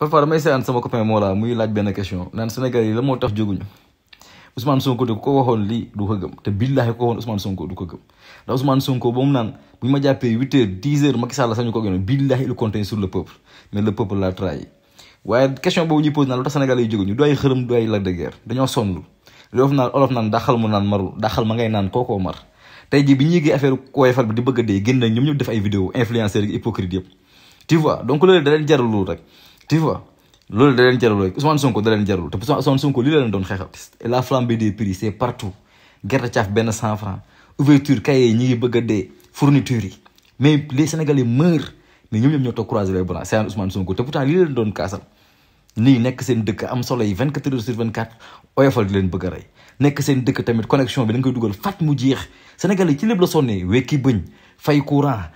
parfois damay seetaan sama copain moo la muy laaj benn question naan Sénégal yi la moo tax jóguñu Ousmane Sonko de ko waxoon lii du ko gëm te billaahi ko waxoon Ousmane Sonko du ko gëm ndax Ousmane Sonko ba mu naan bu ñu ma jàppee huit heures dix heures Macky Sall sax ñu ko gënoon billaahi il comptait sur le peuple mais le peuple l'a trahi waaye question boobu ñuy pose naan lu tax Sénégal yi jóguñu du ay xërëm du ay Lac de dañoo sonn loolu olof naan daxal mu ma ngay naan kookoo mar di bëgg a dee génn ñoom ñëpp def ay vidéo influenceurs yi rek tu vois loolu da leen jarul rek Ousmane da leen jarul te Ousmane Sonko lii la leen doon la flambée des prix c'est partout gerte caaf benn cent franc ouverture kaye ñi ngi bëgg dee fourniture yi mais les sénégalais meurent mais ñoom ñoom ñoo toog croiser les bras c'est Ousmane Sonko te pourtant lii la leen doon kaasal di leen bëgg a rey nekk seen dëkk tamit connexion bi da dugal fat mu jeex sénégalais ci lépp la sonnee wekki bëñ fay courant